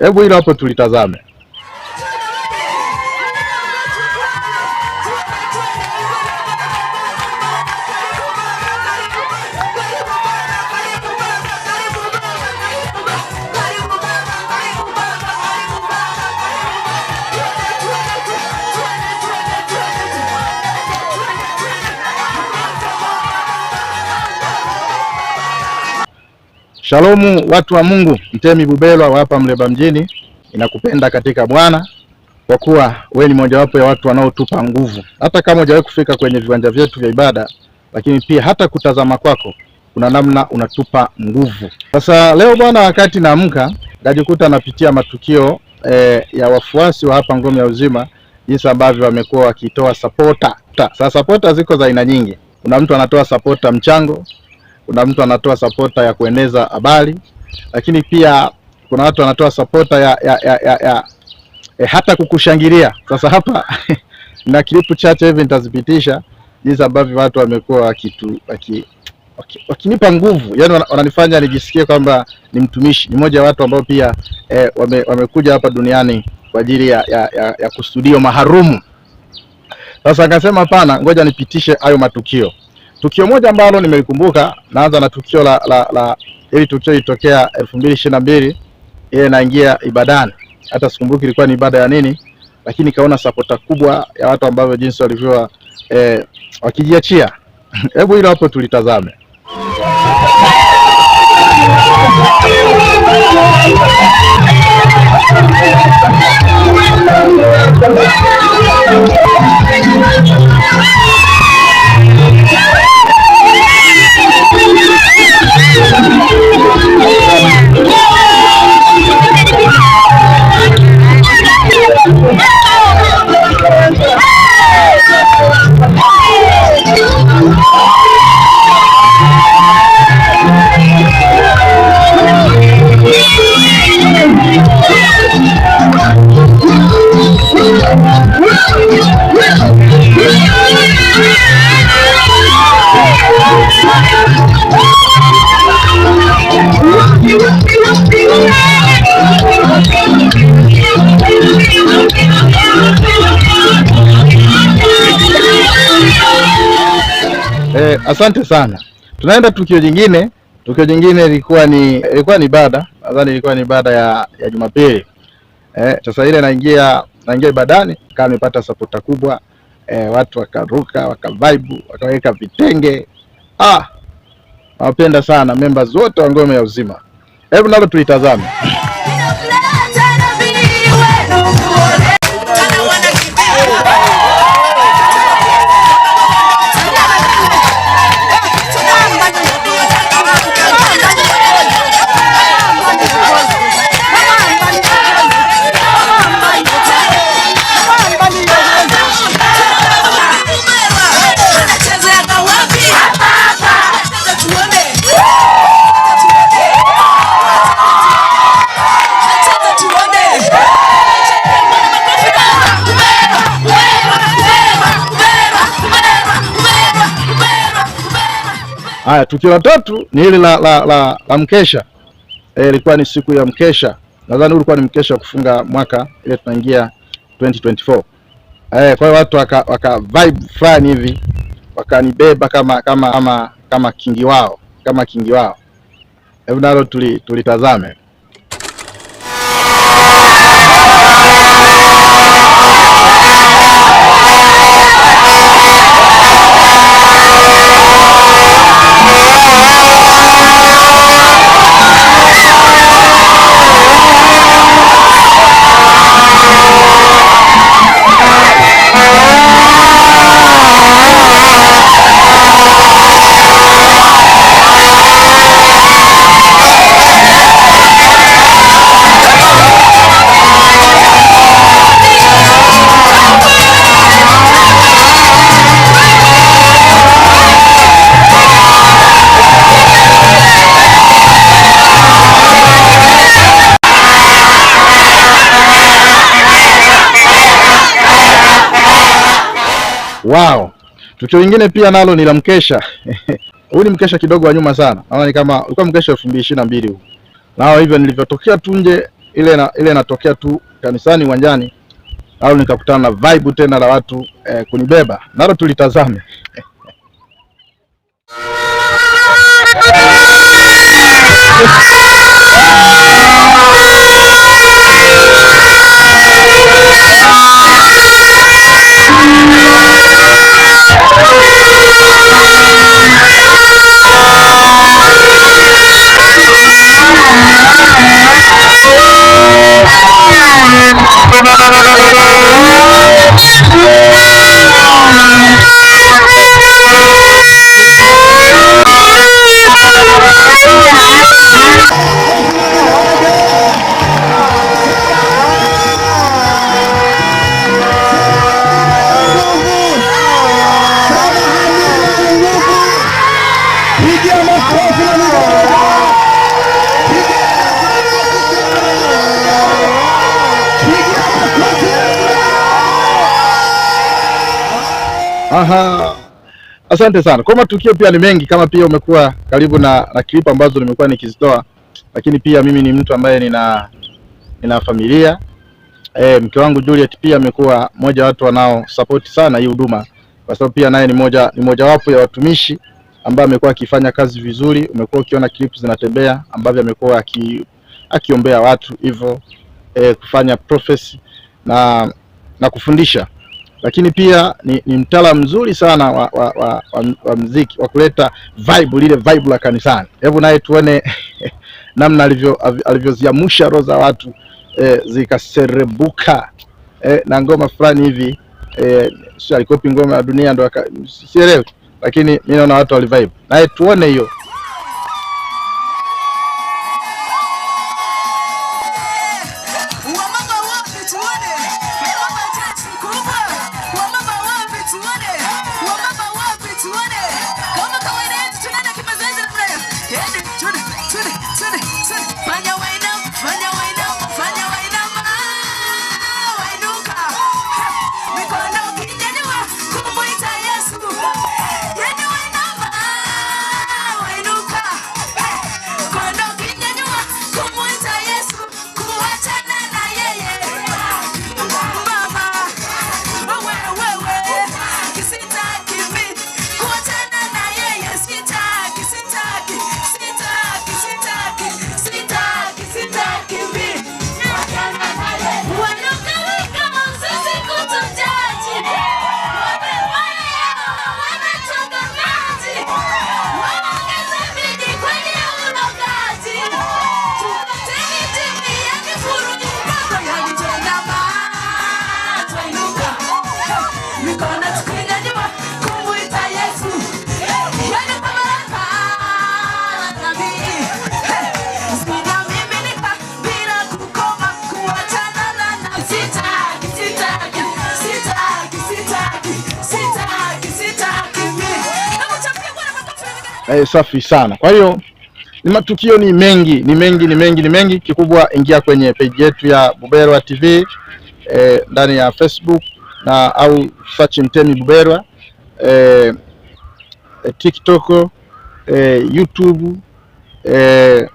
Hebu hilo hapo tulitazame. Shalomu, watu wa Mungu. Mtemi Bubelwa wa hapa Mleba mjini inakupenda katika Bwana kwa kuwa wewe ni mojawapo ya watu wanaotupa nguvu, hata kama hujawahi kufika kwenye viwanja vyetu vya ibada, lakini pia hata kutazama kwako kuna namna unatupa nguvu. Sasa leo bwana, wakati naamka najikuta napitia matukio e, ya wafuasi wa hapa Ngome ya Uzima, jinsi ambavyo wamekuwa wakitoa sapota. Sasa sapota ziko za aina nyingi. Kuna mtu anatoa sapota mchango kuna mtu anatoa supporta ya kueneza habari, lakini pia kuna watu wanatoa supporta ya, ya, ya, ya, ya, e, hata kukushangilia. Sasa hapa na klipu chache hivi nitazipitisha jinsi ambavyo watu wamekuwa wakitu waki, waki, wakinipa nguvu, yani wananifanya nijisikie kwamba ni mtumishi, ni mmoja wa watu ambao pia e, wame, wamekuja hapa duniani kwa ajili ya, ya, ya, ya kustudio maharumu. Sasa akasema hapana, ngoja nipitishe hayo matukio Tukio moja ambalo nimelikumbuka, naanza na tukio la, la, la ili tukio ilitokea elfu mbili ishirini na mbili ile naingia ibadani, hata sikumbuki ilikuwa ni ibada ya nini, lakini kaona sapota kubwa ya watu ambavyo jinsi walivyoa eh, wakijiachia. Hebu hilo hapo tulitazame. Yeah! Asante sana. Tunaenda tukio jingine. Tukio jingine ilikuwa ni ilikuwa ni ibada, nadhani ilikuwa ni ibada ya, ya Jumapili. Eh, sasa ile naingia naingia ibadani kama nimepata sapota kubwa eh, watu wakaruka wakavaibu wakaweka vitenge ah, nawapenda sana members wote wa Ngome ya Uzima. Hebu nalo tuitazame. Haya, tukio la tatu ni hili la, la, la, la mkesha eh, ilikuwa e, ni siku ya mkesha, nadhani ulikuwa ni mkesha wa kufunga mwaka ile tunaingia 2024. Eh, kwa hiyo watu waka, waka vibe fulani hivi wakanibeba kama kama kama kama kingi wao kama kingi wao. Hebu nalo tulitazame tuli wao. Tukio lingine pia nalo ni la mkesha huu ni mkesha kidogo wa nyuma sana, naona ni kama ulikuwa mkesha elfu mbili na mbili huu nao hivyo, nilivyotokea tu nje ile na, ile natokea tu kanisani uwanjani, nalo nikakutana na vibe tena la watu eh, kunibeba nalo tulitazame Aha. Asante sana kwa matukio, pia ni mengi kama pia umekuwa karibu na, na clip ambazo nimekuwa nikizitoa, lakini pia mimi ni mtu ambaye nina nina familia e, mke wangu Juliet pia amekuwa mmoja watu wanao support sana hii huduma, kwa sababu pia naye ni moja ni mojawapo ya watumishi ambaye amekuwa akifanya kazi vizuri. Umekuwa ukiona clips zinatembea ambavyo amekuwa aki, akiombea watu hivyo e, kufanya profesi na na kufundisha lakini pia ni, ni mtala mzuri sana wa, wa, wa, wa, wa mziki wa kuleta vibe lile vibe la kanisani. Hebu naye tuone namna alivyoziamusha roho za watu eh, zikaserebuka eh, na ngoma fulani hivi eh, si alikopi ngoma ya dunia ndo sielewi, lakini mi naona watu walivibe. Naye tuone hiyo. Eh, safi sana. Kwa hiyo ni matukio ni mengi ni mengi ni mengi ni mengi. Kikubwa ingia kwenye page yetu ya Buberwa TV eh, ndani ya Facebook na au Fachi Mtemi Buberwa eh, eh, TikTok eh, YouTube eh,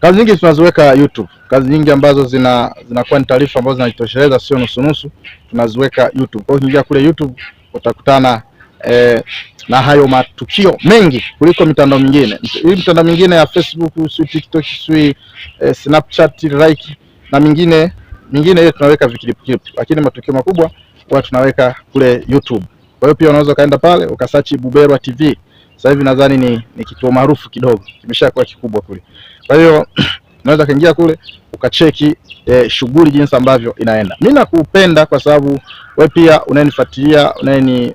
kazi nyingi tunaziweka YouTube, kazi nyingi ambazo zina zinakuwa ni taarifa ambazo zinajitosheleza, sio nusu nusu, tunaziweka YouTube. Kwa hiyo ukiingia kule YouTube utakutana eh, na hayo matukio mengi kuliko mitandao mingine. Hii mitandao mingine ya Facebook, si TikTok, si eh, Snapchat, like na mingine mingine ile tunaweka vikilipuklipu lakini matukio makubwa huwa tunaweka kule YouTube. Kwa hiyo pia unaweza ukaenda pale ukasearch Buberwa TV. Sasa hivi nadhani ni, ni kituo maarufu kidogo, kimeshakuwa kikubwa kule. Kwa hiyo unaweza kaingia kule ukacheki eh, shughuli jinsi ambavyo inaenda. Mimi nakupenda kwa sababu we pia unanifuatilia, unani ni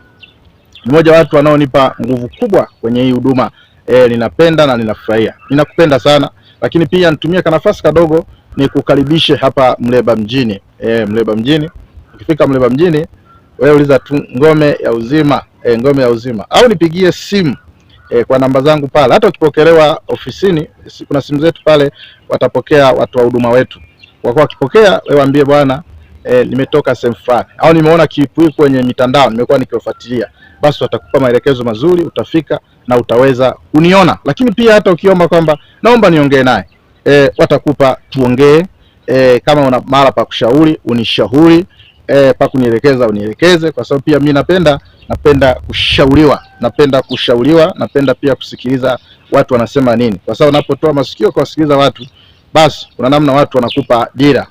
mmoja wa watu wanaonipa nguvu kubwa kwenye hii huduma eh, ninapenda na ninafurahia. Ninakupenda sana, lakini pia nitumie kanafasi kadogo ni kukaribishe hapa Mleba mjini e, Mleba mjini. Ukifika Mleba mjini, wewe uliza tu ngome ya uzima e, ngome ya uzima, au nipigie simu e, kwa namba zangu pale. Hata ukipokelewa ofisini, kuna simu zetu pale, watapokea watu wa huduma wetu. Wakuwa wakipokea, wewe waambie bwana E, nimetoka sehemu fulani au nimeona kipui kwenye mitandao nimekuwa nikiwafuatilia, basi watakupa maelekezo mazuri, utafika na utaweza kuniona. Lakini pia hata ukiomba kwamba naomba niongee naye, e, watakupa tuongee. E, kama una mara pa kushauri unishauri, e, pa kunielekeza unielekeze, kwa sababu pia mi napenda napenda kushauriwa, napenda kushauriwa, napenda pia kusikiliza watu wanasema nini, kwa sababu unapotoa masikio kwa kusikiliza watu, basi kuna namna watu wanakupa dira.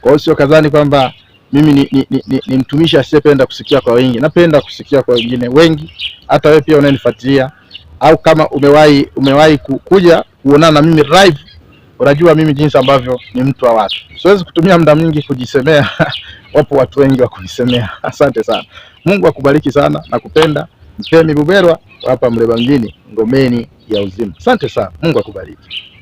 Kwa hiyo sio kadhani kwamba mimi ni, ni, ni, ni, ni mtumishi asiyependa kusikia kwa wengi. Napenda kusikia kwa wengine wengi, hata wewe pia unanifuatilia, au kama umewahi umewahi kuja kuonana na mimi live Unajua mimi jinsi ambavyo ni mtu wa watu, siwezi kutumia muda mwingi kujisemea wapo watu wengi wa kunisemea. Asante sana, Mungu akubariki sana na kupenda. Mtemi Buberwa hapa Mleba mjini, ngomeni ya uzima. Asante sana, Mungu akubariki.